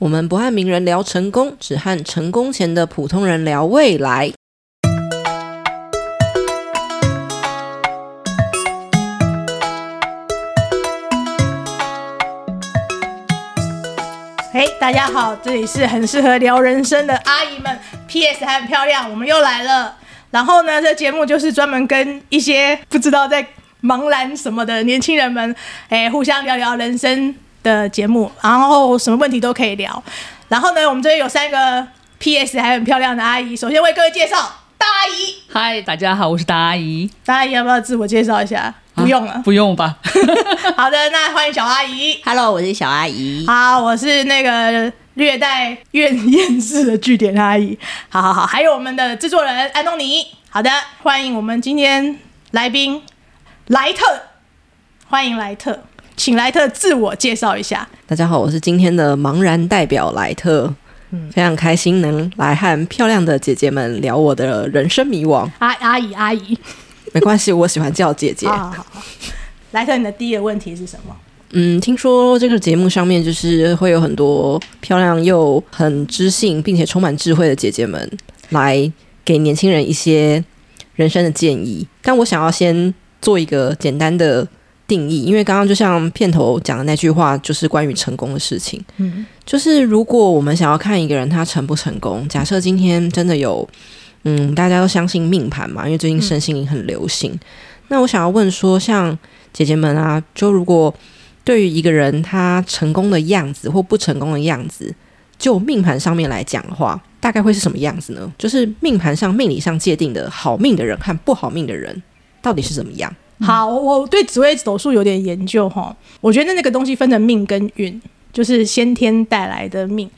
我們不和名人聊成功，只和成功前的普通人聊未來。哎，大家好，這裡是很適合聊人生的阿姨們，PS 還很漂亮，我們又來了。然後呢，這節目就是專門跟一些不知道在茫然什麼的年輕人們，誒互相聊聊人生。的節目，然後什麼問題都可以聊。然後呢，我們這邊有三個 PS 還很漂亮的阿姨。首先為各位介紹大阿姨，嗨，大家好，我是大阿姨。大阿姨要不要自我介紹一下？啊、不用了，不用吧。 好的，那歡迎小阿姨，Hello，我是小阿姨。好，我是那個略帶怨念式的句點阿姨。好好好，還有我們的制作人安東尼。好的，歡迎我們今天來賓萊特，歡迎萊特。請萊特自我介紹一下。大家好，我是今天的茫然代表萊特，嗯，非常開心能來和漂亮的姐姐們聊我的人生迷惘。阿、啊、阿姨，阿姨，沒關係，我喜歡叫姐姐。 哦、好、好，萊特，你的第一個問題是什麼？嗯，聽說這個節目上面就是會有很多漂亮又很知性，並且充滿智慧的姐姐們來給年輕人一些人生的建議，但我想要先做一個簡單的。定義，因為剛剛就像片頭講的那句話，就是關於成功的事情。嗯，就是如果我們想要看一個人他成不成功，假設今天真的有，嗯，大家都相信命盤嘛，因為最近身心靈很流行。嗯，那我想要問說，像姐姐們啊，就如果對於一個人他成功的樣子或不成功的樣子，就命盤上面來講的話，大概會是什麼樣子呢？就是命盤上、命理上界定的好命的人和不好命的人，到底是怎麼樣？好，我對紫微斗數有點研究哈，我覺得那個東西分成命跟運，就是先天帶來的命，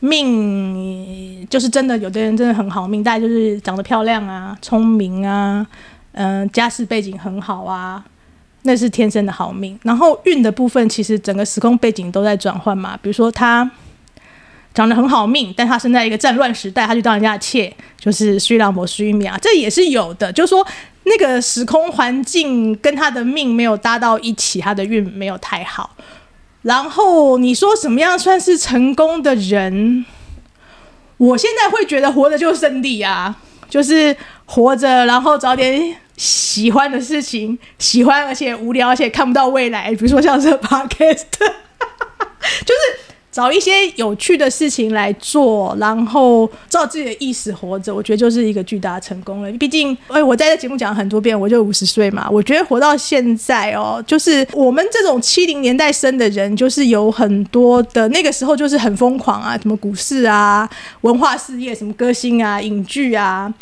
命就是真的，有的人真的很好命，大概就是長得漂亮啊，聰明啊，嗯、呃，家世背景很好啊，那是天生的好命。然後運的部分，其實整個時空背景都在轉換嘛，比如說他長得很好命，但他生在一個戰亂時代，他就當人家的妾，就是虛浪波虛命啊，這也是有的，就是說。那個時空環境跟他的命沒有搭到一起，他的運沒有太好。然後你說什麼樣算是成功的人？我現在會覺得活着就是勝利啊，就是活着，然後找點喜歡的事情，喜歡而且無聊，而且看不到未來，比如說像這個 podcast，就是。找一些有趣的事情來做，然後照自己的意思活着，我覺得就是一個巨大的成功了。畢竟，欸，我在這節目講了很多遍，我就五十歲嘛。我覺得活到現在哦，就是我們這種七零年代生的人，就是有很多的，那個時候就是很瘋狂啊，什麼股市啊、文化事業，什麼歌星啊、影劇啊。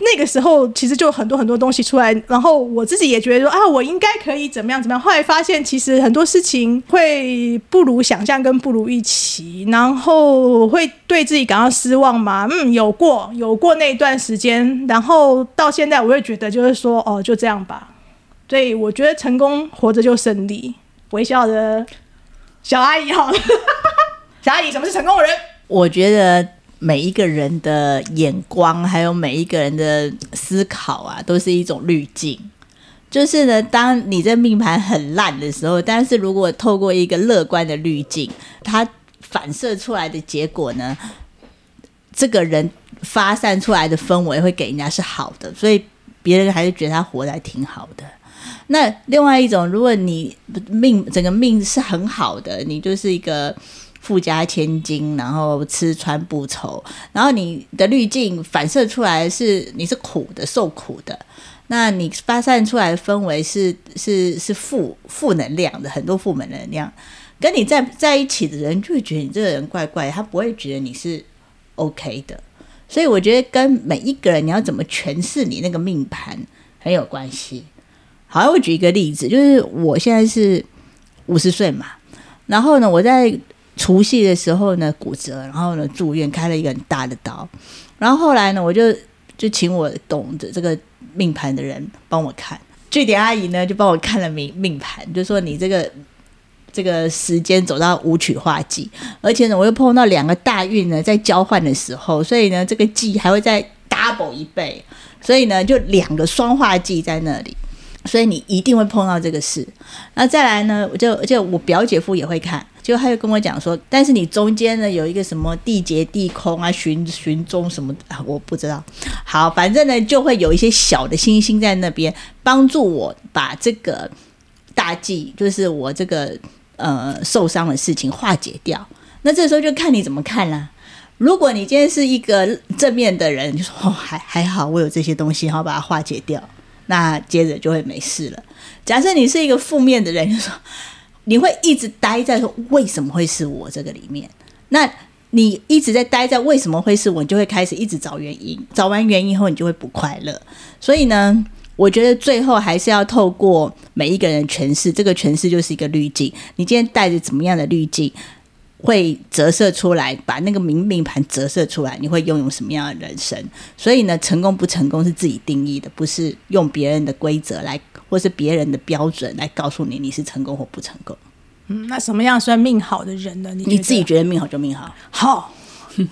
那個時候其實就很多很多東西出來，然後我自己也覺得說啊，我應該可以怎麼樣怎麼樣。後來發現其實很多事情會不如想象跟不如預期，然後會對自己感到失望嘛。嗯，有過有過那一段時間，然後到現在我會覺得就是說哦，就這樣吧。所以我覺得成功活着就勝利，微笑的小阿姨好、哦、了， 小阿姨什麼是成功人？我覺得。每一個人的眼光，還有每一個人的思考啊，都是一種濾鏡。就是呢，當你這命盤很爛的時候，但是如果透過一個樂觀的濾鏡，它反射出來的結果呢，這個人發散出來的氛圍會給人家是好的，所以別人還是覺得他活得還挺好的。那另外一種，如果你命，整個命是很好的，你就是一個。富家千金，然後吃穿不愁，然後你的濾鏡反射出來是你是苦的，受苦的。那你發散出來的氛圍是是是負負能量的，很多負面能量。跟你在在一起的人就會覺得你這個人怪怪，他不會覺得你是 OK 的。所以我覺得跟每一個人你要怎麼詮釋你那個命盤很有關係。好，我舉一個例子，就是我現在是五十歲嘛，然後呢，我在。除夕的時候呢，骨折，然後呢住院，開了一個很大的刀，然後後來呢，我就就請我懂的這個命盤的人幫我看，據點阿姨呢就幫我看了命命盤，就說你這個這個時間走到武曲化忌，而且呢我又碰到兩個大運呢在交換的時候，所以呢這個忌還會再 double 一倍，所以呢就兩個雙化忌在那裡，所以你一定會碰到這個事。那再來呢，我就就我表姐夫也會看。就他又跟我講說，但是你中間呢有一個什麼地劫地空啊、尋尋蹤什麼啊，我不知道。好，反正呢就會有一些小的星星在那邊幫助我把這個大忌，就是我這個呃受傷的事情化解掉。那這時候就看你怎麼看啦。如果你今天是一個正面的人，就說哦還還好，我有這些東西，然後把它化解掉，那接着就會沒事了。假設你是一個負面的人，就說。你會一直待在說，為什麼會是我這個裡面，那你一直在待在為什麼會是我，你就會開始一直找原因，找完原因後你就會不快樂。所以呢，我覺得最後還是要透過每一個人的詮釋，這個詮釋就是一個濾鏡。你今天帶着怎麼樣的濾鏡，會折射出來，把那個命命盤折射出來，你會擁有什麼樣的人生？所以呢，成功不成功是自己定義的，不是用別人的規則來。或是別人的標準來告訴你，你是成功或不成功。嗯，那什麼樣算命好的人呢？你，你自己覺得命好就命好。好，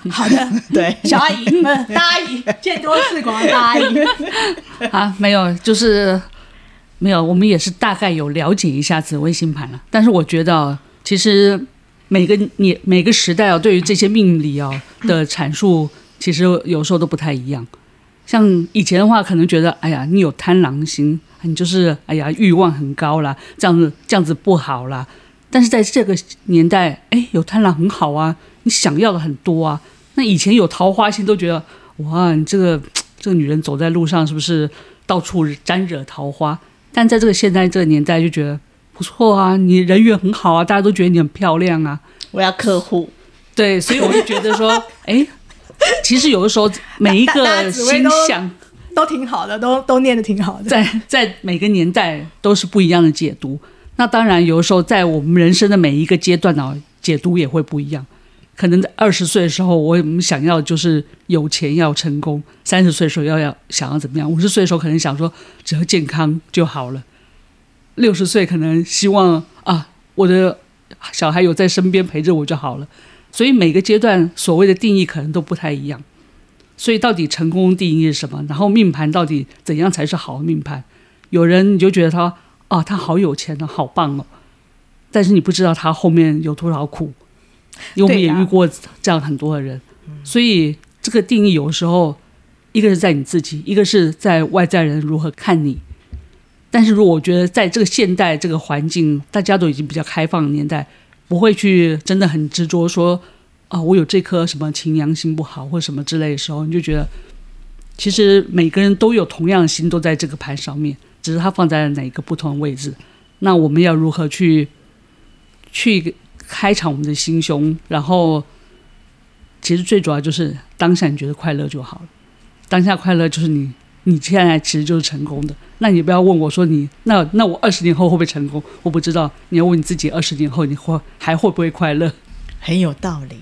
好的， 對，小阿姨大阿姨見多識廣大阿姨。啊，沒有，就是沒有，我們也是大概有了解一下紫微星盤了。但是我覺得，其實每個你每個時代啊、喔，對於這些命理啊、喔、的闡述，其實有時候都不太一樣。像以前的話，可能覺得哎呀，你有貪狼心，你就是哎呀，欲望很高啦，這樣子這樣子不好啦。但是在這個年代，哎，有貪狼很好啊，你想要的很多啊。那以前有桃花心都覺得哇，你這個這個女人走在路上是不是到處沾惹桃花？但在這個現在這個年代，就覺得不錯啊，你人緣很好啊，大家都覺得你很漂亮啊。我要客戶，對，所以我就覺得說， 哎。 其實有的時候，每一個心想都挺好的，都都念的挺好的。在在每個年代都是不一樣的解讀。那當然，有的時候在我們人生的每一個階段呢，解讀也會不一樣。可能在二十歲的時候，我們想要就是有錢要成功；三十歲的時候要要想要怎麼樣？五十歲的時候可能想說只要健康就好了。六十歲可能希望啊，我的小孩有在身邊陪着我就好了。所以每個階段所謂的定義可能都不太一樣，所以到底成功定義是什麼？然後命盤到底怎樣才是好命盤？有人你就覺得他啊，他好有錢呢、啊，好棒哦、啊，但是你不知道他後面有多少苦。因為我們也遇過這樣很多的人，所以這個定義有時候一個是在你自己，一個是在外在人如何看你。但是如果我覺得在這個現代這個環境，大家都已經比較開放的年代。不會去真的很執着說，啊、哦，我有這顆什麼擎羊星不好或什麼之類的時候，你就覺得，其實每個人都有同樣的心，都在這個盤上面，只是它放在了哪個不同的位置。那我們要如何去，去敞開我們的心胸？然後，其實最主要就是當下你覺得快樂就好了，當下快樂就是你你接下來其實就是成功的。那你不要問我說你那那我二十年後會不會成功？我不知道。你要問你自己，二十年後你會還會不會快樂？很有道理。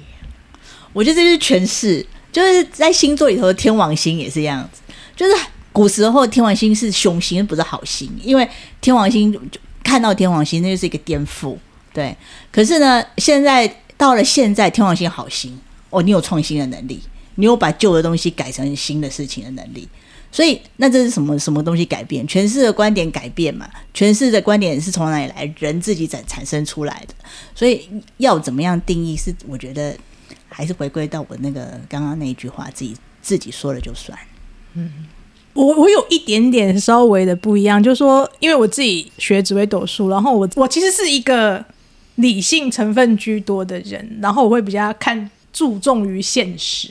我覺得這是詮釋，就是在星座裡頭的天王星也是這樣子。就是古時候天王星是凶星，不是好星，因為天王星，就看到天王星，那就是一個顛覆。對。可是呢，現在到了現在，天王星好星哦，你有創新的能力，你有把舊的東西改成新的事情的能力。所以，那這是什麼什麼東西改變？詮釋的觀點改變嘛？詮釋的觀點是從哪裡來？人自己在產生出來的。所以，要怎麼樣定義？是我覺得還是回歸到我那個剛剛那一句話：自己自己說了就算。嗯，我我有一點點稍微的不一樣，就是說，因為我自己學紫微斗數，然後我我其實是一個理性成分居多的人，然後我會比較看注重於現實，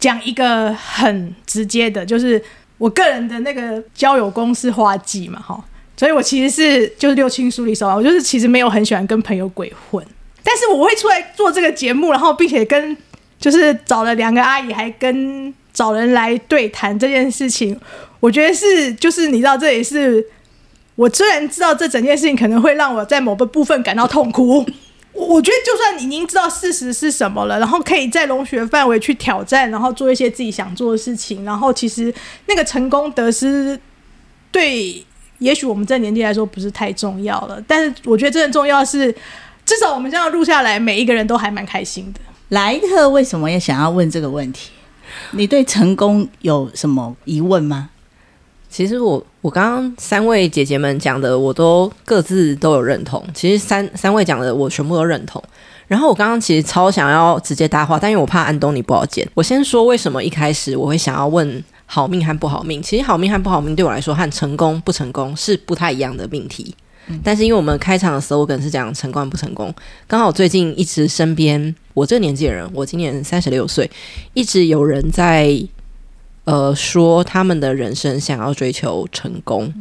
講一個很直接的，就是。我個人的那個交友公式花季嘛，哈，所以我其實是就是六親疏離手啊，我就是其實沒有很喜歡跟朋友鬼混，但是我會出來做這個節目，然後並且跟就是找了兩個阿姨，還跟找人來對談這件事情，我覺得是就是你知道這也是我雖然知道這整件事情可能會讓我在某個部分感到痛苦。我覺得，就算你已經知道事實是什麼了，然後可以在容許範圍去挑戰，然後做一些自己想做的事情，然後其實那個成功得失，對，也許我們這年紀來說不是太重要了。但是我覺得真的重要的是，至少我們這樣錄下來，每一個人都還蠻開心的。萊特為什麼也想要問這個問題？你對成功有什麼疑問嗎？其實我我剛剛三位姐姐們講的我都各自都有認同，其實三三位講的我全部都認同。然後我剛剛其實超想要直接搭話，但因為我怕安東尼不好剪，我先說為什麼一開始我會想要問好命和不好命。其實好命和不好命對我來說和成功不成功是不太一樣的命題，嗯、但是因為我們開場的時候我可能是講成功和不成功，剛好最近一直身邊我這個年紀的人，我今年三十六歲，一直有人在。呃，說他們的人生想要追求成功，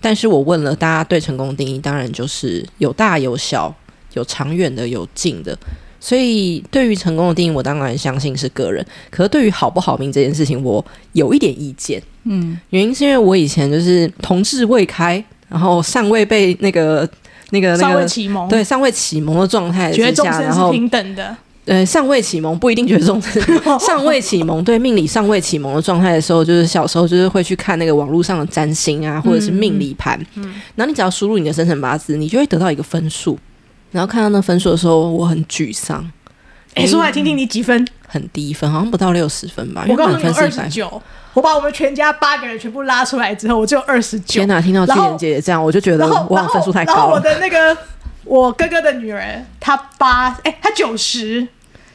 但是我問了大家對成功的定義，當然就是有大有小，有長遠的，有近的。所以對於成功的定義，我當然相信是個人。可是對於好不好命這件事情，我有一點意見。嗯，原因是因為我以前就是童稚未開，然後尚未被那個那個那個蒙對尚未啟蒙的狀態，覺得眾生是平等的。呃，尚未啟蒙不一定覺得中職。 尚未啟蒙，對命理尚未啟蒙的狀態的時候，就是小時候，就是會去看那個網絡上的占星啊，或者是命理盤。嗯嗯、然後你只要輸入你的生辰八字，你就會得到一個分數。然後看到那分數的時候，我很沮喪。哎、欸，嗯、說來聽聽，你幾分？很低分，好像不到六十分吧。我告訴你 29, 分，二十九。我把我們全家八個人全部拉出來之後，我只有二十九。天哪、啊！聽到志妍姐姐這樣，後我就覺得哇，分數太高了。然後然後然後我的那個，我哥哥的女兒，她八、欸，誒，她九十。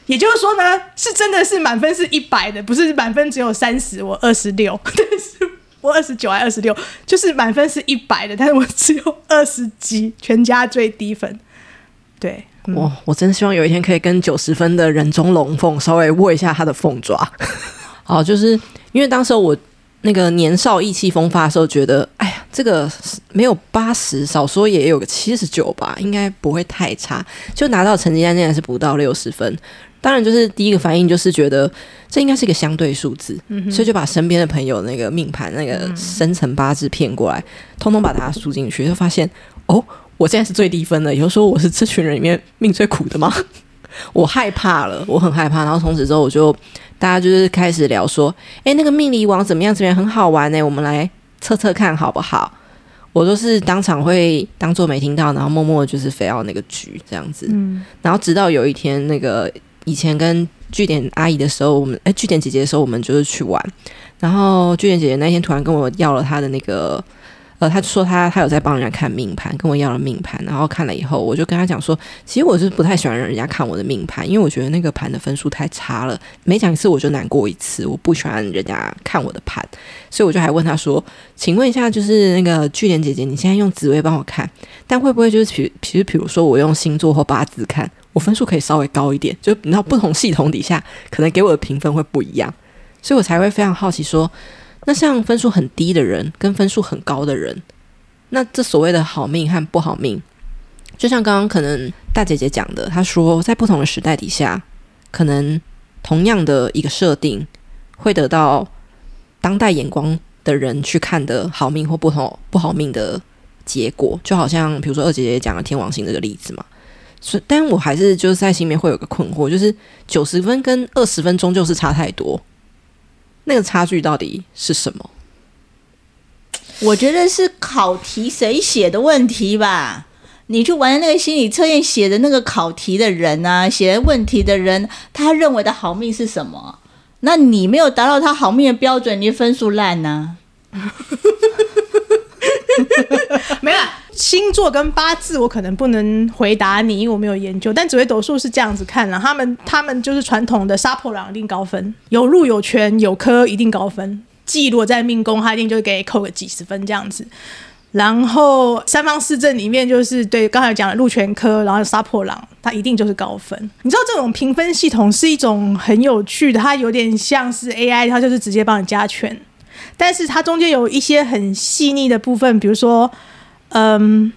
也就是說呢，是真的是滿分是一百的，不是滿分只有三十。我二十六，但是我二十九還二十六，就是滿分是一百的，但是我只有二十幾，全家最低分。對我、嗯，我真希望有一天可以跟九十分的人中龍鳳稍微握一下他的鳳爪。 好，就是因為當時我那個年少意氣風發的時候，覺得哎呀，這個沒有八十，少說也有個七十九吧，應該不會太差，就拿到成績單，竟然是不到六十分。當然，就是第一個反應就是覺得這應該是一個相對數字，嗯、哼所以就把身邊的朋友那個命盤、那個生辰八字騙過來，通通、嗯、把它輸進去，就發現哦，我現在是最低分的，也就是說我是這群人裡面命最苦的嗎？ 我害怕了，我很害怕。然後從此之後，我就大家就是開始聊說，哎、欸，那個命理王怎麼樣？怎麼樣？很好玩哎、欸，我們來測測看好不好？我都是當場會當做沒聽到，然後默默的就是非要那個局這樣子。嗯、然後直到有一天那個。以前跟據點阿姨的時候，我們哎，據點姐姐的時候，我們就是去玩。然後據點姐姐那天突然跟我要了她的那個，呃，她說她她有在幫人家看命盤，跟我要了命盤，然後看了以後，我就跟她講說，其實我是不太喜歡讓人家看我的命盤，因為我覺得那個盤的分數太差了，每講一次我就難過一次，我不喜歡人家看我的盤，所以我就還問她說，請問一下，就是那個據點姐姐，你現在用紫微幫我看，但會不會就是其其實比如說我用星座或八字看？我分數可以稍微高一點，就你知道不同系統底下可能給我的評分會不一樣，所以我才會非常好奇說，那像分數很低的人跟分數很高的人，那這所謂的好命和不好命，就像剛剛可能大姐姐講的，她說在不同的時代底下，可能同樣的一個設定會得到當代眼光的人去看的好命或不同不好命的結果，就好像比如說二姐姐講的天王星這個例子嘛。但我還是就是在心裡面會有個困惑，就是九十分跟二十分就是差太多，那個差距到底是什麼？我覺得是考題誰寫的問題吧。你去玩那個心理測驗寫的那個考題的人啊，寫的問題的人，他認為的好命是什麼？那你沒有達到他好命的標準，你分數爛呢？沒了。星座跟八字我可能不能回答你，因為我沒有研究。但紫微斗數是這樣子看的，他們他們就是傳統的殺破狼一定高分，有祿有權有科一定高分。忌如果在命宮，他一定就給扣個幾十分這樣子。然後三方四正裡面就是對剛才講的祿權、科，然後殺破狼，它一定就是高分。你知道這種評分系統是一種很有趣的，它有點像是 AI，它就是直接幫你加權，但是它中間有一些很細膩的部分，比如說。嗯，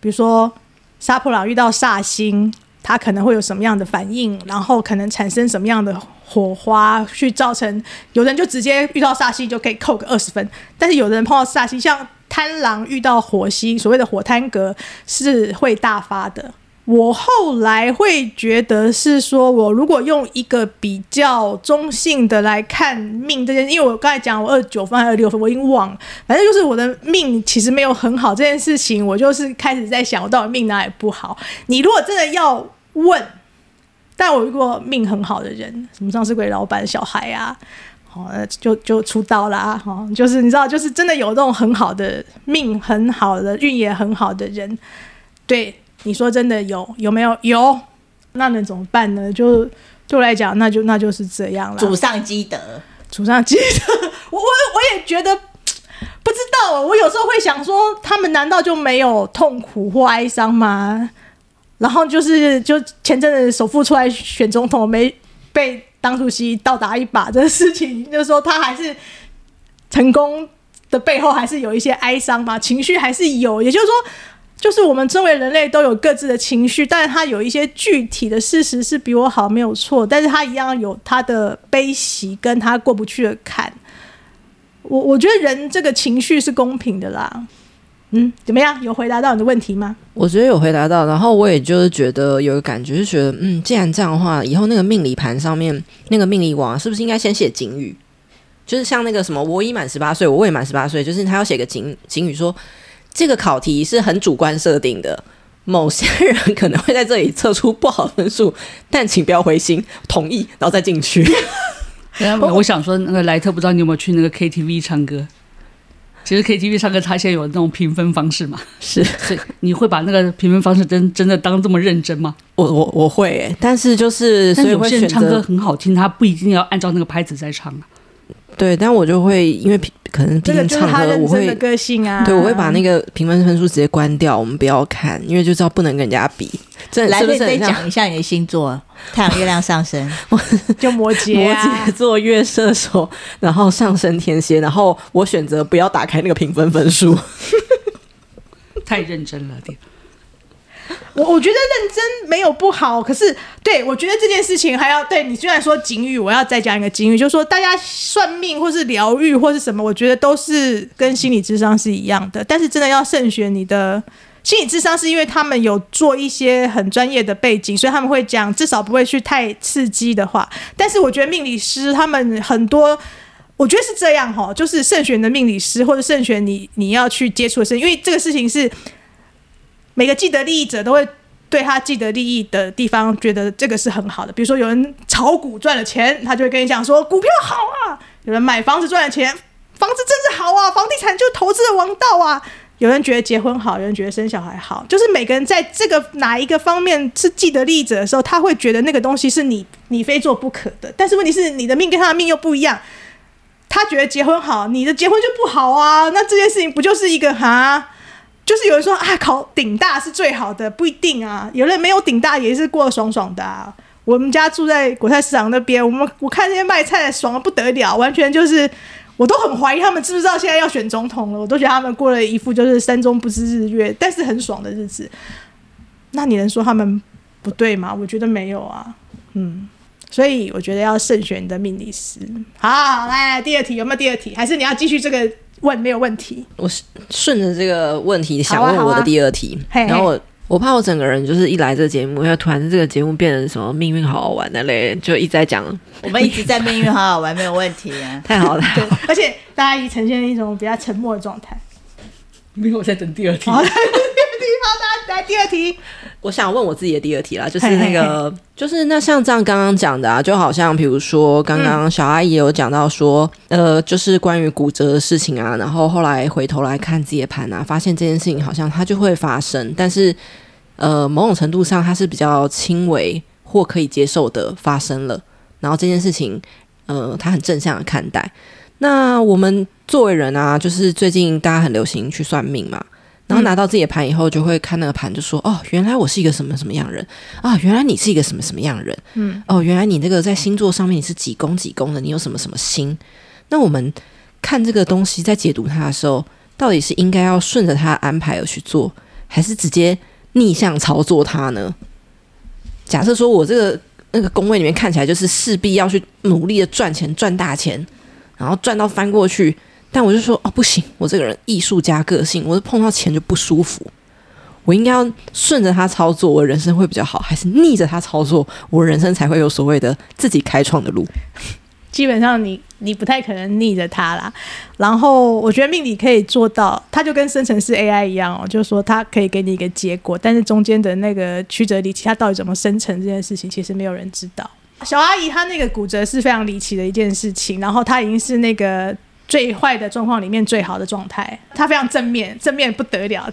比如說殺破狼遇到煞星，他可能會有什麼樣的反應？然後可能產生什麼樣的火花，去造成有的人就直接遇到煞星就可以扣個二十分，但是有的人碰到煞星，像貪狼遇到火星，所謂的火貪格是會大發的。我後來會覺得是說，我如果用一個比較中性的來看命這件，因為我剛才講我二九分還是二六分，我已經忘了，反正就是我的命其實沒有很好這件事情，我就是開始在想，我到底命哪裡不好？你如果真的要問，但我如果命很好的人，什麼上司鬼老闆小孩啊，好，哦，就就出道啦，哈，哦，就是你知道，就是真的有那種很好的命，很好的運也很好的人，對。你說真的有有沒有有？那能怎麼辦呢？就對我來講，那就那就是這樣了。祖上積德，祖上積德。我我，我也覺得不知道。我有時候會想說，他們難道就沒有痛苦或哀傷嗎？然後就是就前陣子首富出來選總統，沒被當主席倒打一耙的這個事情，就是說他還是成功的背後還是有一些哀傷吧？情緒還是有，也就是說。就是我們作為人類都有各自的情緒，但是他有一些具體的事實是比我好沒有錯，但是他一樣有他的悲喜，跟他過不去的坎。我我覺得人這個情緒是公平的啦。嗯，怎麼樣？有回答到你的問題嗎？我覺得有回答到，然後我也就是覺得有個感覺，就覺得嗯，既然這樣的話，以後那個命理盤上面那個命理網是不是應該先寫警語？就是像那個什麼我已滿十八歲，我未滿十八歲，就是他要寫個警警語說。這個考題是很主觀設定的，某些人可能會在這裡測出不好分數，但請不要灰心，同意然後再進去。我想說，那個萊特不知道你有沒有去那個 KTV 唱歌？其實 KTV 唱歌，它現在有那種評分方式嘛？是，你會把那個評分方式真的真的當這麼認真嗎？ 我我我會耶，但是就是，是所以我現在唱歌很好聽，他不一定要按照那個拍子在唱啊。對，但我就會因為可能畢竟唱歌，我會個，個性啊，我對我會把那個評分分數直接關掉，我們不要看，因為就知道不能跟人家比。來，先講一下你，你的星座：太陽、月亮、上升，就摩羯，啊，摩羯座、月射手，然後上升天蠍，然後我選擇不要打開那個評分分數， 太認真了點。對我我覺得認真沒有不好，可是對我覺得這件事情還要對你。雖然說警語我要再講一個警語，就是說大家算命或是療癒或是什麼，我覺得都是跟心理諮商是一樣的。但是真的要慎選你的心理諮商，是因為他們有做一些很專業的背景，所以他們會講至少不會去太刺激的話。但是我覺得命理師他們很多，我覺得是這樣哈，就是慎選的命理師或者慎選你你要去接觸的事情，因為這個事情是。每個既得利益者，都會對他既得利益的地方覺得這個是很好的，比如說有人炒股賺了錢，他就會跟你講說股票好啊；有人買房子賺了錢，房子真的好啊，房地產就投資的王道啊。有人覺得結婚好，有人覺得生小孩好，就是每個人在這個哪一個方面是既得利益者的時候，他會覺得那個東西是你你非做不可的。但是問題是你的命跟他的命又不一樣，他覺得結婚好，你的結婚就不好啊。那這件事情不就是一個哈？啊就是有人說啊，考頂大是最好的，不一定啊。有人沒有頂大也是過得爽爽的，啊。我們家住在果菜市場那邊，我們我看那些賣菜的爽的不得了，完全就是我都很懷疑他們知不知道現在要選總統了。我都覺得他們過了一副就是山中不知日月，但是很爽的日子。那你能說他們不對嗎？我覺得沒有啊。嗯，所以我覺得要慎選你的命理師。好，好來，來第二題有沒有第二題？還是你要繼續這個？問沒有問題，我順着這個問題想問我的第二題，啊啊、然後我，我怕我整個人就是一來這個節目，要嘿突然這個節目變成什麼命運好好玩的嘞，就一直在講，我們一直在命運好好玩， 沒有問題、啊太，太好了，而且大家已呈現一種比較沉默的狀態，沒有我在等第二題，好的，來第二題。好的我想問我自己的第二題啦，就是那個，嘿嘿就是那像這樣剛剛講的啊，就好像比如說剛剛小阿姨有講到說，嗯、呃，就是關於骨折的事情啊，然後後來回頭來看自己的盤啊，發現這件事情好像它就會發生，但是呃，某種程度上它是比較輕微或可以接受的發生了，然後這件事情，呃，它很正向的看待。那我們作為人啊，就是最近大家很流行去算命嘛。然後拿到自己的盤以後，就會看那個盤，就說：“哦，原來我是一個什麼什麼樣的人啊、哦！原來你是一個什麼什麼樣的人？嗯，哦，原來你這個在星座上面你是幾宮幾宮的，你有什麼什麼星？那我們看這個東西，在解讀它的時候，到底是應該要順着它安排而去做，還是直接逆向操作它呢？假設說我這個那個宮位裡面看起來就是勢必要去努力的賺錢，賺大錢，然後賺到翻過去。”但我就說哦，不行，我這個人藝術家個性，我是碰到錢就不舒服。我應該要順着他操作，我人生會比較好；還是逆着他操作，我人生才會有所謂的自己開創的路。基本上你，你你不太可能逆着他啦。然後，我覺得命理可以做到，它就跟生成式 AI 一樣哦，就是說它可以給你一個結果，但是中間的那個曲折離奇，它到底怎麼生成這件事情，其實沒有人知道。小阿姨她那個骨折是非常離奇的一件事情，然後她已經是那個。最壞的狀況裡面最好的狀態，它非常正面，正面不得了。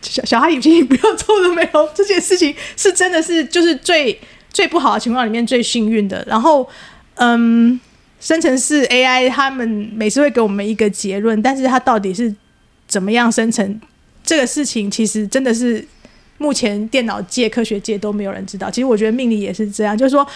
小小孩已經不要皺着眉頭。這件事情是真的，是就是最最不好的情況裡面最幸運的。然後，嗯，生成式 AI 他們每次會給我們一個結論，但是它到底是怎麼樣生成這個事情，其實真的是目前電腦界、科學界都沒有人知道。其實我覺得命理也是這樣，就是說，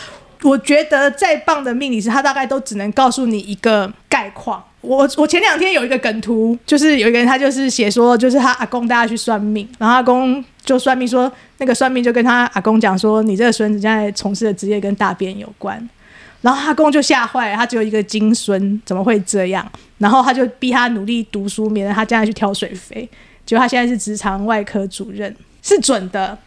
我覺得再棒的命理師，他大概都只能告訴你一個概況。我我前兩天有一個梗圖，就是有一個人，他就是寫說，就是他阿公帶他去算命，然後阿公就算命說，說那個算命就跟他阿公講說，你這個孫子現在從事的職業跟大便有關。然後阿公就嚇壞了，他只有一個金孫，怎麼會這樣？然後他就逼他努力讀書，免得他將來去挑水肥。結果他現在是直腸外科主任，是準的，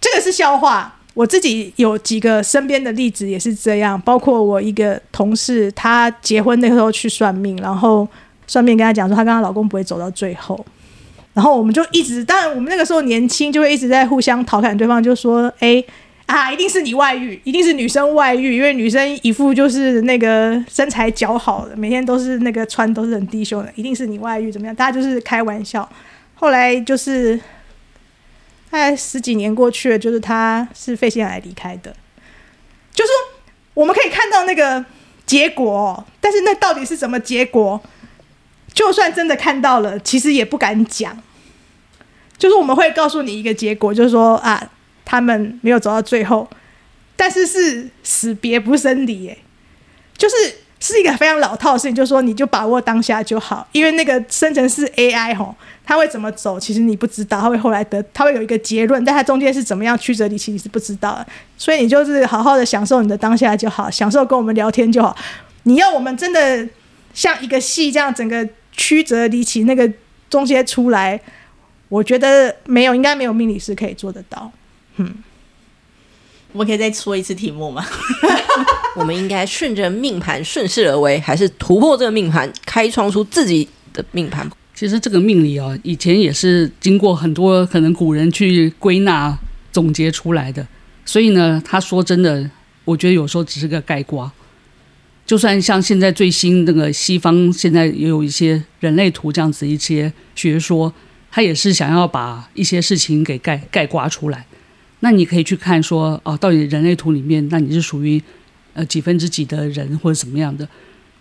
這個是笑話。我自己有幾個身邊的例子也是這樣，包括我一個同事，她結婚那個時候去算命，然後算命跟她講說她跟她老公不會走到最後，然後我們就一直，當然我們那個時候年輕，就會一直在互相調侃對方，就說：“哎、欸、啊，一定是你外遇，一定是女生外遇，因為女生一副就是那個身材姣好的，每天都是那個穿都是很低胸的，一定是你外遇，怎麼樣？”大家就是開玩笑，後來就是。大概十幾年過去了，就是他是肺腺癌離開的，就是我們可以看到那個結果，喔，但是那到底是什麼結果？就算真的看到了，其實也不敢講。就是我們會告訴你一個結果，就是說啊，他們沒有走到最後，但是是死別不是生離，欸，就是是一個非常老套的事情，就是說你就把握當下就好，因為那個生成式 AI 吼他會怎麼走？其實你不知道，他會後來得，他會有一個結論，但他中間是怎麼樣曲折離奇，你是不知道的。所以你就是好好的享受你的當下就好，享受跟我們聊天就好。你要我們真的像一個戲這樣，整個曲折離奇那個中間出來，我覺得沒有，應該沒有命理師可以做得到。嗯，我們可以再說一次題目嗎？ 我們應該順着命盤順勢而為，還是突破這個命盤，開創出自己的命盤？其實這個命理啊，以前也是經過很多可能古人去歸納總結出來的，所以呢，他說真的，我覺得有時候只是個概括。就算像現在最新那個西方，現在也有一些人類圖這樣子一些學說，他也是想要把一些事情給概概括出來。那你可以去看說哦，到底人類圖裡面，那你是屬於呃幾分之幾的人或者什麼樣的？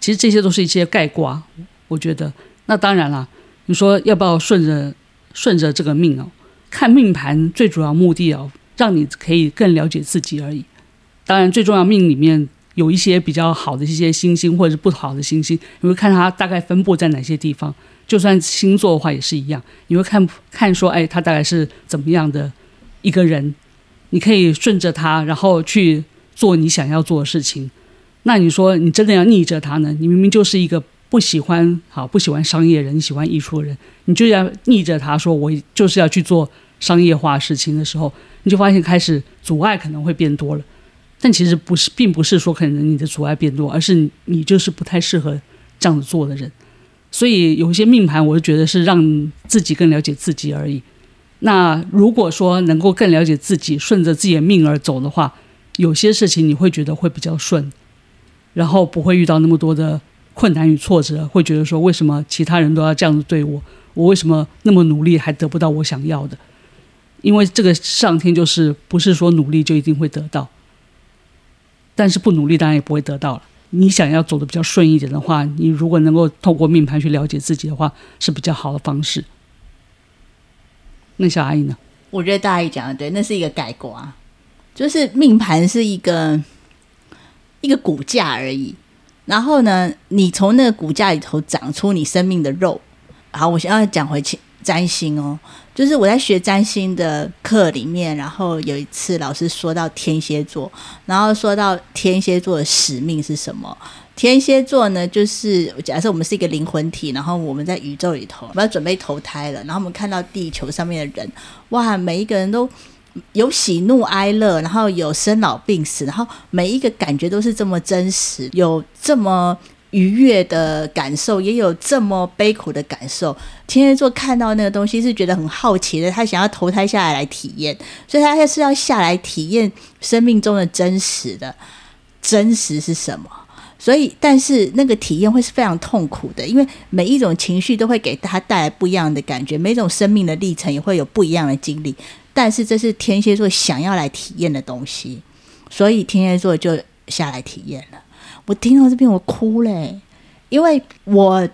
其實這些都是一些概括，我覺得。那當然了。你說要不要順着，順着這個命哦？看命盤最主要目的哦，讓你可以更了解自己而已。當然，最重要命裡面有一些比較好的一些星星，或者是不好的星星，你會看它大概分布在哪些地方。就算星座的話也是一樣，你會看看說，哎，他大概是怎麼樣的一個人？你可以順着他，然後去做你想要做的事情。那你說你真的要逆着他呢？你明明就是一個。不喜歡好，不喜歡商業人，你喜歡藝術的人，你就要逆着他說，我就是要去做商業化事情的時候，你就發現開始阻礙可能會變多了。但其實不是，並不是說可能你的阻礙變多，而是你就是不太適合這樣子做的人。所以有些命盤，我就覺得是讓自己更了解自己而已。那如果說能夠更了解自己，順着自己的命而走的話，有些事情你會覺得會比較順，然後不會遇到那麼多的。困難與挫折，會覺得說，為什麼其他人都要這樣子對我？我為什麼那麼努力還得不到我想要的？因為這個上天就是不是說努力就一定會得到，但是不努力當然也不會得到了。你想要走得比較順一點的話，你如果能夠透過命盤去了解自己的話，是比較好的方式。那小阿姨呢？我覺得大阿姨講的對，那是一個概括啊，就是命盤是一個一個骨架而已。然後呢，你從那個骨架裡頭長出你生命的肉。好，我想要講回去占星哦，就是我在學占星的課裡面，然後有一次老師說到天蠍座，然後說到天蠍座的使命是什麼？天蠍座呢，就是假設我們是一個靈魂體，然後我們在宇宙裡頭，我們要準備投胎了，然後我們看到地球上面的人，哇，每一個人都。有喜怒哀樂，然後有生老病死，然後每一個感覺都是這麼真實，有這麼愉悅的感受，也有這麼悲苦的感受。天蠍座看到那個東西是覺得很好奇的，他想要投胎下來來體驗，所以他是要下來體驗生命中的真實的。真實是什麼？所以，但是那個體驗會是非常痛苦的，因為每一種情緒都會給他帶來不一樣的感覺，每一種生命的歷程也會有不一樣的經歷。但是這是天蠍座想要來體驗的東西，所以天蠍座就下來體驗了。我聽到這邊我哭嘞欸，因為我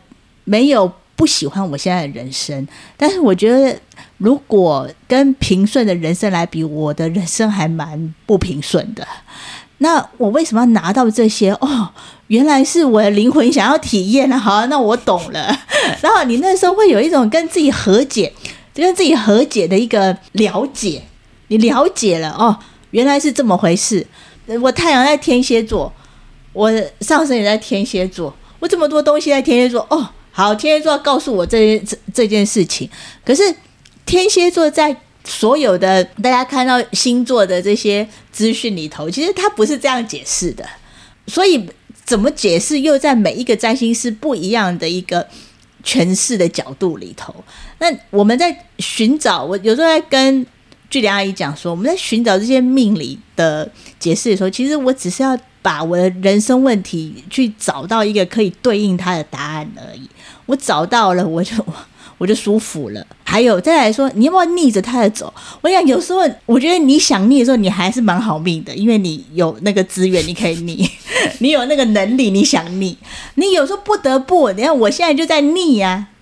沒有不喜歡我現在的人生，但是我覺得如果跟平順的人生來比，我的人生還蠻不平順的。那我為什麼要拿到這些？哦，原來是我的靈魂想要體驗啊！好啊，那我懂了。 然後你那時候會有一種跟自己和解。讓自己和解的一個了解，你了解了哦，原來是這麼回事。我太陽在天蠍座，我上升也在天蠍座，我這麼多東西在天蠍座哦。好，天蠍座告訴我這這，這件事情。可是天蠍座在所有的大家看到星座的這些資訊裡頭，其實它不是這樣解釋的。所以怎麼解釋，又在每一個占星師不一樣的一個詮釋的角度裡頭，那我們在尋找，我有時候在跟巨玲阿姨講說，我們在尋找這些命理的解釋的時候，其實我只是要把我的人生問題去找到一個可以對應它的答案而已。我找到了，我就我就舒服了。還有，再來說，你要不要逆着他的走？我想，有時候我覺得你想逆的時候，你還是蠻好命的，因為你有那個資源，你可以逆； 你有那個能力，你想逆。你有時候不得不，你看我現在就在逆呀、啊。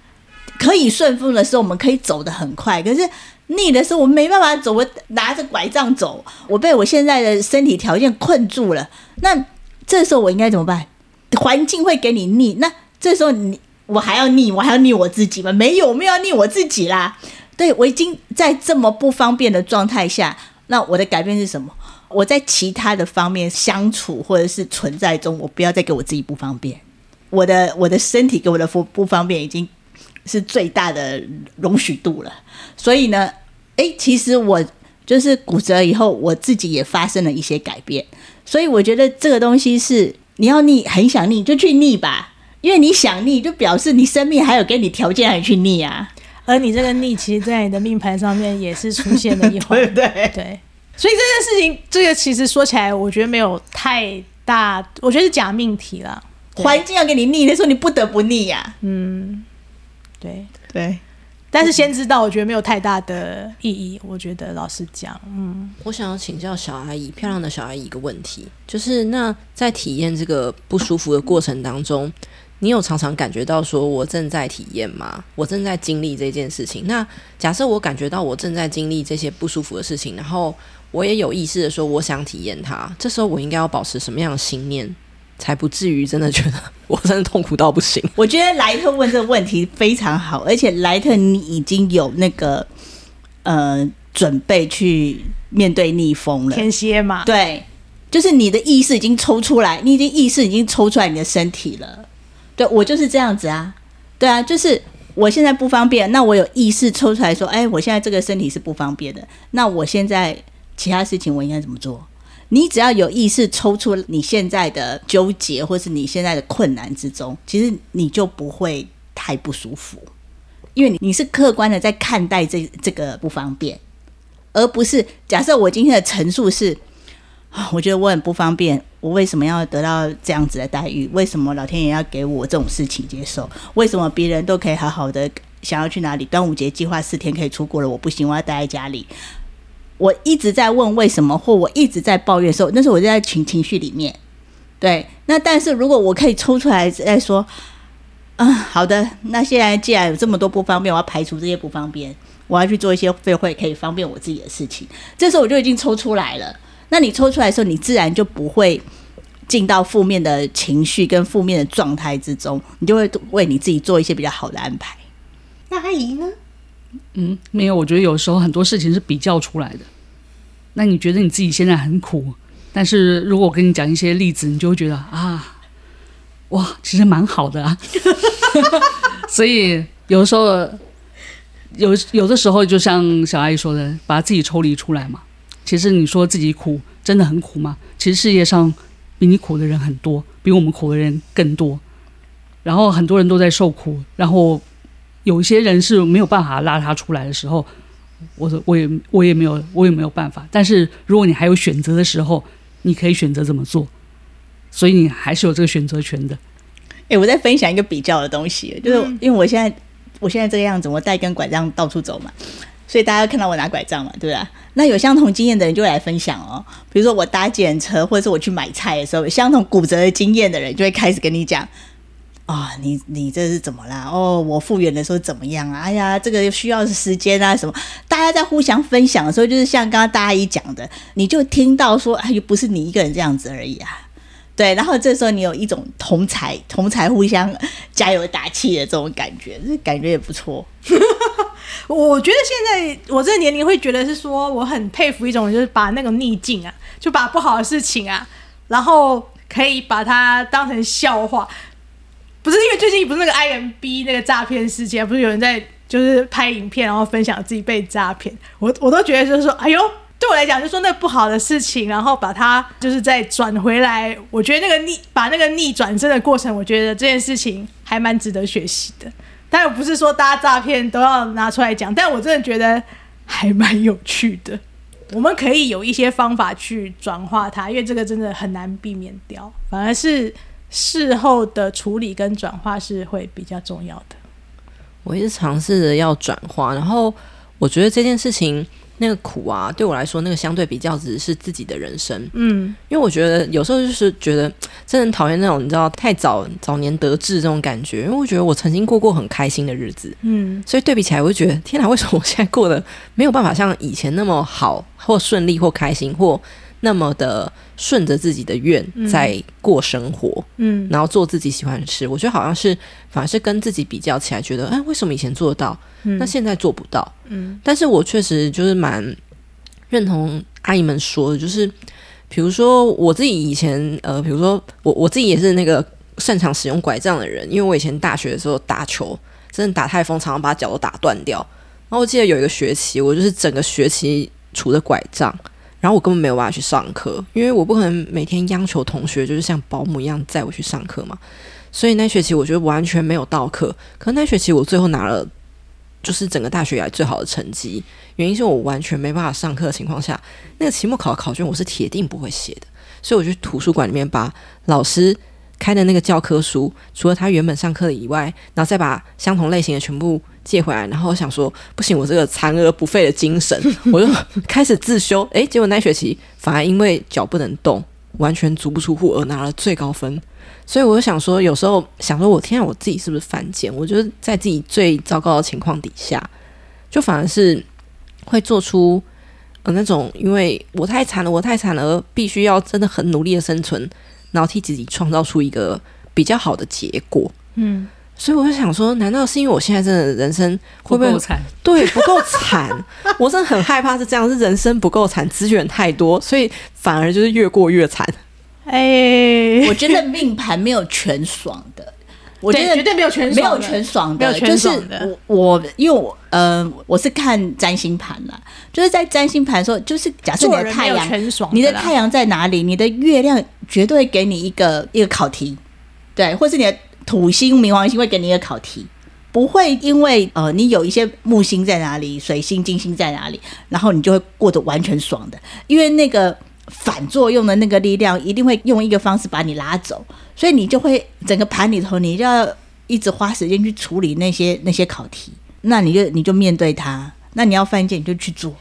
可以順風的時候，我們可以走得很快；可是逆的時候，我沒辦法走，我拿着拐杖走，我被我現在的身體條件困住了。那這時候我應該怎麼辦？環境會給你逆，那這時候你。我還要逆，我還要逆我自己嗎？沒有，我沒有要逆我自己啦。對，我已經在這麼不方便的狀態下，那我的改變是什麼？我在其他的方面相處或者是存在中，我不要再給我自己不方便。我的我的身體給我的不不方便，已經是最大的容許度了。所以呢，哎、欸，其實我就是骨折以後，我自己也發生了一些改變。所以我覺得這個東西是你要逆，很想逆，就去逆吧。因為你想逆，就表示你生命還有給你條件，還去逆啊。而你這個逆，其實，在你的命盤上面也是出現了一環。 對對，對。所以這件事情，這個其實說起來，我覺得沒有太大，我覺得是假命題了。環境要給你逆那對時候，你不得不逆呀、啊。嗯，對對。但是先知道，我覺得沒有太大的意義。我覺得老實講，嗯，我想要請教小阿姨，漂亮的小阿姨一個問題，就是那在體驗這個不舒服的過程當中。 你有常常感覺到說，我正在體驗嗎？我正在經歷這件事情。那假設我感覺到我正在經歷這些不舒服的事情，然後我也有意識的說我想體驗它，這時候我應該要保持什麼樣的信念，才不至於真的覺得我真的痛苦到不行？我覺得萊特問這個問題非常好， 而且萊特你已經有那個呃準備去面對逆風了，天蠍嘛，對，就是你的意識已經抽出來，你的意識已經抽出來你的身體了。對，我就是這樣子啊。對啊，就是我現在不方便，那我有意識抽出來說，哎，我現在這個身體是不方便的。那我現在其他事情我應該怎麼做？你只要有意識抽出你現在的糾結，或是你現在的困難之中，其實你就不會太不舒服，因為你你是客觀的在看待這這個不方便，而不是假設我今天的陳述是啊，我覺得我很不方便。我為什麼要得到這樣子的待遇？為什麼老天爺要給我這種事情接受？為什麼別人都可以好好的，想要去哪裡？端午節計劃四天可以出國了，我不行，我要待在家裡。我一直在問為什麼，或我一直在抱怨說，那時候我就在情情緒裡面。對，那但是如果我可以抽出來再說，嗯、呃，好的，那現在既然有這麼多不方便，我要排除這些不方便，我要去做一些費會可以方便我自己的事情。這時候我就已經抽出來了。那你抽出來的時候，你自然就不會進到負面的情緒跟負面的狀態之中，你就會為你自己做一些比較好的安排。那阿姨呢？嗯，沒有。我覺得有時候很多事情是比較出來的。那你覺得你自己現在很苦，但是如果我跟你講一些例子，你就會覺得啊，哇，其實蠻好的啊。 所以有的時候，有有的時候，就像小阿姨說的，把自己抽離出來嘛。其實你說自己苦，真的很苦嗎？其實世界上比你苦的人很多，比我們苦的人更多。然後很多人都在受苦，然後有些人是沒有辦法拉他出來的時候，我我我也我也沒有我也沒有辦法。但是如果你還有選擇的時候，你可以選擇怎麼做，所以你還是有這個選擇權的。哎、欸，我再分享一個比較的東西，就是因為我現在我現在這個樣子，我帶根拐杖到處走嘛。所以大家看到我拿拐杖嘛，對不對？那有相同經驗的人就來分享哦，比如說我搭檢車，或者是我去買菜的時候，相同骨折的經驗的人就會開始跟你講啊、哦，你你這是怎麼啦？哦，我復原的時候怎麼樣啊？哎呀，這個需要時間啊，什麼？大家在互相分享的時候，就是像剛剛大阿姨講的，你就聽到說，哎，又不是你一個人這樣子而已啊，對。然後這時候你有一種同才同才互相加油打氣的這種感覺，這感覺也不錯。 我覺得現在我這個年齡會覺得是說，我很佩服一種就是把那種逆境啊，就把不好的事情啊，然後可以把它當成笑話。不是因為最近不是那個 I M B 那個詐騙事件，不是有人在就是拍影片然後分享自己被詐騙，我我都覺得就是說，哎呦，對我來講就是說那不好的事情，然後把它就是再轉回來。我覺得那個逆把那個逆轉身的過程，我覺得這件事情還蠻值得學習的。但又不是說大家詐騙都要拿出來講，但我真的覺得還蠻有趣的。我們可以有一些方法去轉化它，因為這個真的很難避免掉，反而是事後的處理跟轉化是會比較重要的。我一直嘗試着要轉化，然後我覺得這件事情。那個苦啊，對我來說，那個相對比較只是自己的人生。嗯，因為我覺得有時候就是覺得，真的討厭那種你知道太早早年得志這種感覺，因為我覺得我曾經過過很開心的日子。嗯，所以對比起來，我就覺得天哪，為什麼我現在過得沒有辦法像以前那麼好，或順利，或開心，或……那麼的順着自己的願、嗯、在過生活，嗯，然後做自己喜歡的事，嗯、我覺得好像是反而是跟自己比較起來，覺得哎、欸，為什麼以前做得到，嗯、那現在做不到？嗯，但是我確實就是蠻認同阿姨們說的，就是比如說我自己以前，呃，比如說我我自己也是那個擅長使用拐杖的人，因為我以前大學的時候打球真的打太瘋，常常把腳都打斷掉。然後我記得有一個學期，我就是整個學期拄著拐杖。然後我根本沒有辦法去上課，因為我不可能每天央求同學就是像保姆一樣載我去上課嘛。所以那學期我覺得完全沒有到課。可那學期我最後拿了就是整個大學以來最好的成績，原因是我完全沒辦法上課的情況下，那個期末考考卷我是鐵定不會寫的。所以我就去圖書館裡面把老師開的那個教科書，除了他原本上課的以外，然後再把相同類型的全部。借回來，然後想說不行，我這個殘而不廢的精神，我就開始自修。哎、欸，結果那學期反而因為腳不能動，完全足不出戶，而拿了最高分。所以我就想說，有時候想說我，我天、啊，我自己是不是犯賤？我覺得在自己最糟糕的情況底下，就反而是會做出呃那種，因為我太慘了，我太慘了，必須要真的很努力的生存，然後替自己創造出一個比較好的結果。嗯。所以我就想說，難道是因為我現在真的人生會不會不夠慘？對，不夠慘， 我真的很害怕是這樣，是人生不夠慘，資源太多，所以反而就是越過越慘。哎，Hey. 我覺得命盤沒有全爽的， 我覺得對絕對沒有全爽的，沒有全爽的，就是我我因為我呃，我是看占星盤啦，就是在占星盤的時候，就是假設你的太陽，全爽的你的太陽在哪裡，你的月亮絕對給你一個一個考題，對，或是你的。土星、冥王星會給你一個考題，不會因為呃，你有一些木星在哪裡、水星、金星在哪裡，然後你就會過得完全爽的。因為那個反作用的那個力量一定會用一個方式把你拉走，所以你就會整個盤裡頭，你就要一直花時間去處理那些那些考題。那你就你就面對它，那你要犯賤你就去做。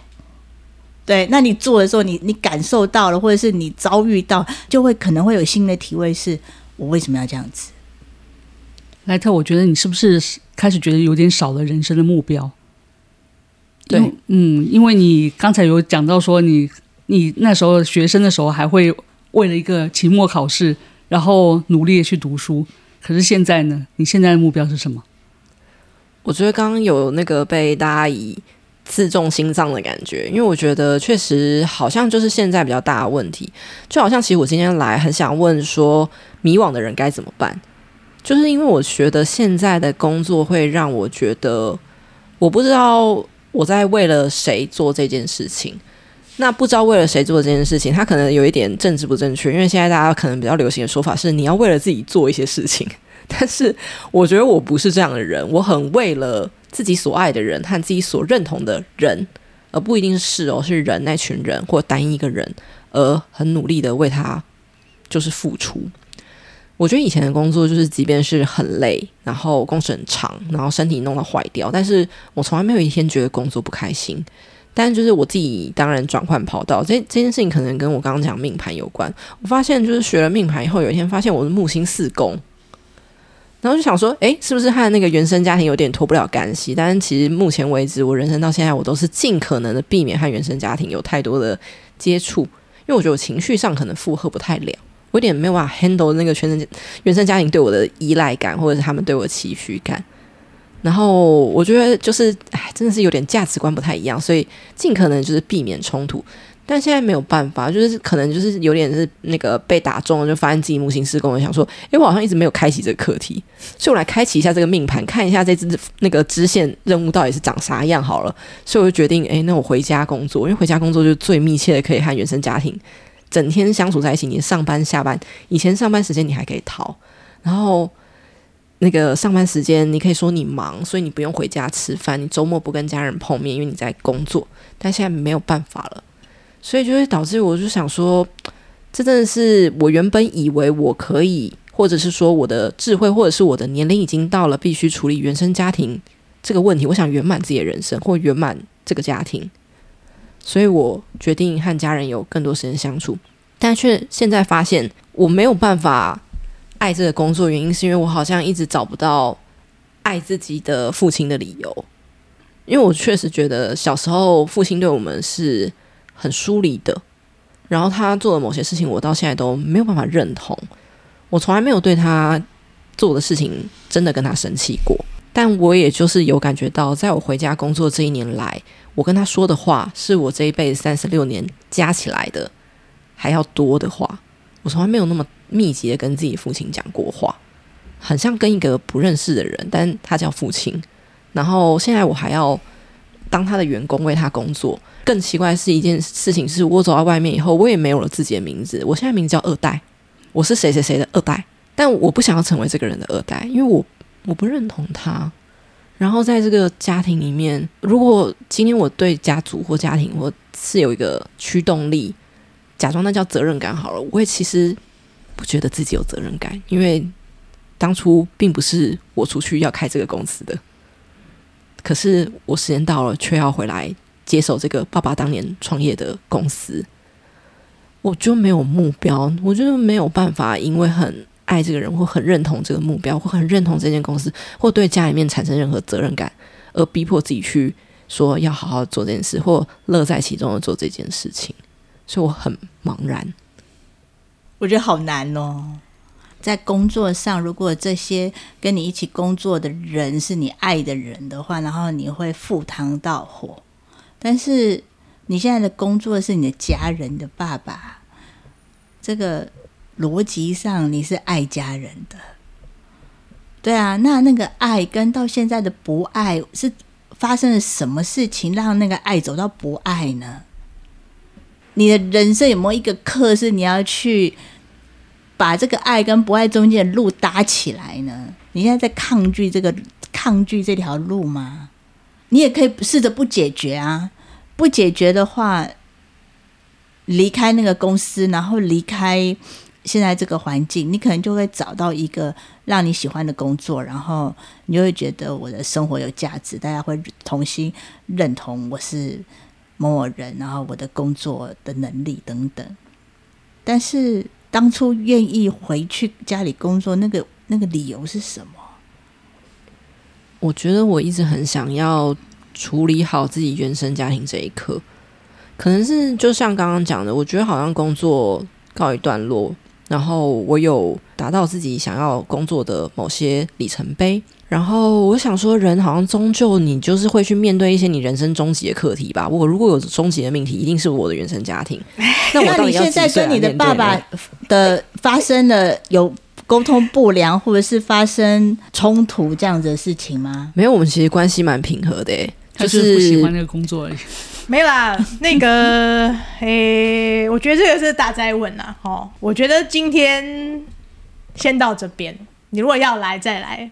對，那你做的時候你，你你感受到了，或者是你遭遇到，就會可能會有新的體會是，是我為什麼要這樣子？萊特，我覺得你是不是開始覺得有點少了人生的目標？對，嗯，因為你剛才有講到說你你那時候學生的時候還會為了一個期末考試，然後努力去讀書。可是現在呢？你現在的目標是什麼？我覺得剛剛有那個被大家以刺中心臟的感覺，因為我覺得確實好像就是現在比較大的問題，就好像其實我今天來很想問說迷惘的人該怎麼辦。就是因為我覺得現在的工作會讓我覺得，我不知道我在為了誰做這件事情。那不知道為了誰做這件事情，它可能有一點政治不正確。因為現在大家可能比較流行的說法是，你要為了自己做一些事情。但是我覺得我不是這樣的人，我很為了自己所愛的人和自己所認同的人，而不一定是哦，是人那群人或單一一個人，而很努力的為他就是付出。我覺得以前的工作就是，即便是很累，然後工時很長，然後身體弄到壞掉，但是我從來沒有一天覺得工作不開心。但就是我自己當然轉換跑道，這這件事情可能跟我剛剛講命盤有關。我發現就是學了命盤以後，有一天發現我是木星四宮，然後就想說，誒，是不是和那個原生家庭有點脫不了干係？但是其實目前為止，我人生到現在，我都是盡可能的避免和原生家庭有太多的接觸，因為我覺得我情緒上可能負荷不太了。有點沒有辦法 handle 那個原生原生家庭對我的依賴感，或者是他們對我的期許感。然後我覺得就是，唉，真的是有點價值觀不太一樣，所以盡可能就是避免衝突。但現在沒有辦法，就是可能就是有點是那個被打中了，就發現自己木星失宮。我想說，誒、欸，我好像一直沒有開啟這個課題，所以我來開啟一下這個命盤，看一下這支那個支線任務到底是長啥樣好了。所以我就決定，誒、欸，那我回家工作，因為回家工作就是最密切的，可以和原生家庭，整天相處在一起，你上班下班，以前上班時間你還可以逃，然後那個上班時間你可以說你忙，所以你不用回家吃飯，你周末不跟家人碰面，因為你在工作。但現在沒有辦法了，所以就會導致我，就想說，這真的是我原本以為我可以，或者是說我的智慧，或者是我的年齡已經到了，必須處理原生家庭這個問題。我想圓滿自己的人生，或圓滿這個家庭。所以我決定和家人有更多時間相處，但卻現在發現我沒有辦法愛這個工作，原因是因為我好像一直找不到愛自己的父親的理由，因為我確實覺得小時候父親對我們是很疏離的，然後他做的某些事情我到現在都沒有辦法認同，我從來沒有對他做的事情真的跟他生氣過。但我也就是有感覺到，在我回家工作這一年來，我跟他說的話，是我這一輩子三十六年加起來的還要多的話，我從來沒有那麼密集的跟自己父親講過話，很像跟一個不認識的人，但他叫父親。然後現在我還要當他的員工，為他工作。更奇怪的是一件事情是，我走到外面以後，我也沒有了自己的名字，我現在名字叫二代，我是誰誰誰的二代，但我不想要成為這個人的二代，因為我。我不認同他，然後在這個家庭裡面，如果今天我對家族或家庭，我是有一個驅動力，假裝那叫責任感好了。我也其實不覺得自己有責任感，因為當初並不是我出去要開這個公司的，可是我時間到了，卻要回來接手這個爸爸當年創業的公司，我就沒有目標，我就沒有辦法，因為很。愛這個人，或很認同這個目標，或很認同這間公司，或對家裡面產生任何責任感，而逼迫自己去說要好好做這件事，或樂在其中的做這件事情，所以我很茫然。我覺得好難哦。在工作上，如果這些跟你一起工作的人是你愛的人的話，然後你會赴湯蹈火；但是你現在的工作是你的家人的爸爸，這個。邏輯上你是愛家人的，對啊，那那個愛跟到現在的不愛是發生了什麼事情，讓那個愛走到不愛呢？你的人生有沒有一個課是你要去把這個愛跟不愛中間的路搭起來呢？你現在在抗拒這個抗拒這條路嗎？你也可以試着不解決啊，不解決的話，離開那個公司，然後離開。現在這個環境，你可能就會找到一個讓你喜歡的工作，然後你就會覺得我的生活有價值，大家會重新認同我是某某人，然後我的工作的能力等等。但是當初願意回去家裡工作，那個那個理由是什麼？我覺得我一直很想要處理好自己原生家庭這一刻，可能是就像剛剛講的，我覺得好像工作告一段落。然後我有達到自己想要工作的某些里程碑，然後我想說，人好像終究你就是會去面對一些你人生終極的課題吧。我如果有終極的命題，一定是我的原生家庭。 那、啊、那你現在跟你的爸爸的發生了有溝通不良， 或者是發生衝突這樣子的事情嗎？沒有，我們其實關係蠻平和的、欸，就是、他是，不是不喜歡那個工作而已。沒啦，那個誒、 欸，我覺得這個是大哉問吶，哈，我覺得今天先到這邊。你如果要來再來，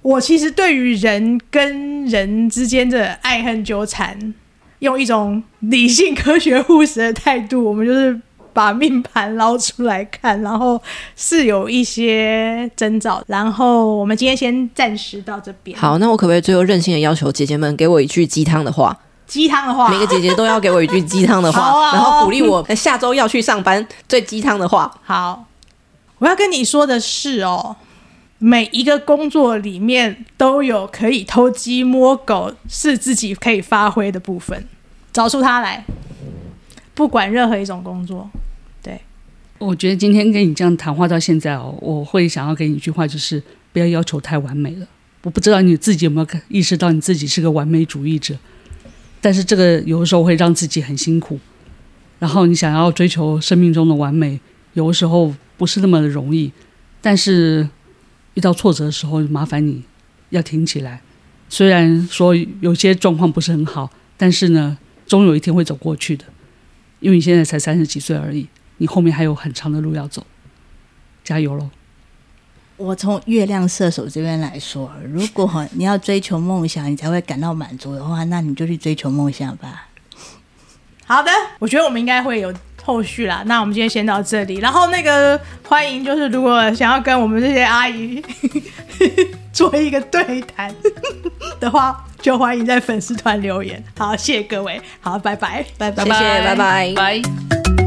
我其實對於人跟人之間的愛恨糾纏，用一種理性科學務實的態度，我們就是把命盤撈出來看，然後是有一些徵兆。然後我們今天先暫時到這邊。好，那我可不可以最後任性的要求姐姐們給我一句雞湯的話？雞湯的話，每個姐姐都要給我一句雞湯的話， 啊、然後鼓勵我下周要去上班。 最雞湯的話，好，我要跟你說的是哦，每一個工作裡面都有可以偷雞摸狗是自己可以發揮的部分，找出它來，不管任何一種工作。對，我覺得今天跟你這樣談話到現在哦，我會想要給你一句話，就是不要要求太完美了。我不知道你自己有沒有意識到你自己是個完美主義者。但是這個有的時候會讓自己很辛苦，然後你想要追求生命中的完美，有的時候不是那麼的容易。但是遇到挫折的時候，麻煩你要挺起來。雖然說有些狀況不是很好，但是呢，終有一天會走過去的。因為你現在才三十幾歲而已，你後面還有很長的路要走，加油嘍！我從月亮射手這邊來說，如果你要追求夢想，你才會感到滿足的話，那你就去追求夢想吧。好的，我覺得我們應該會有後續啦。那我們今天先到這裡，然後那個歡迎，就是如果想要跟我們這些阿姨 做一個對談的話，就歡迎在粉絲團留言。好，謝謝各位，好，拜拜，拜拜，謝謝，拜拜，拜拜。嗯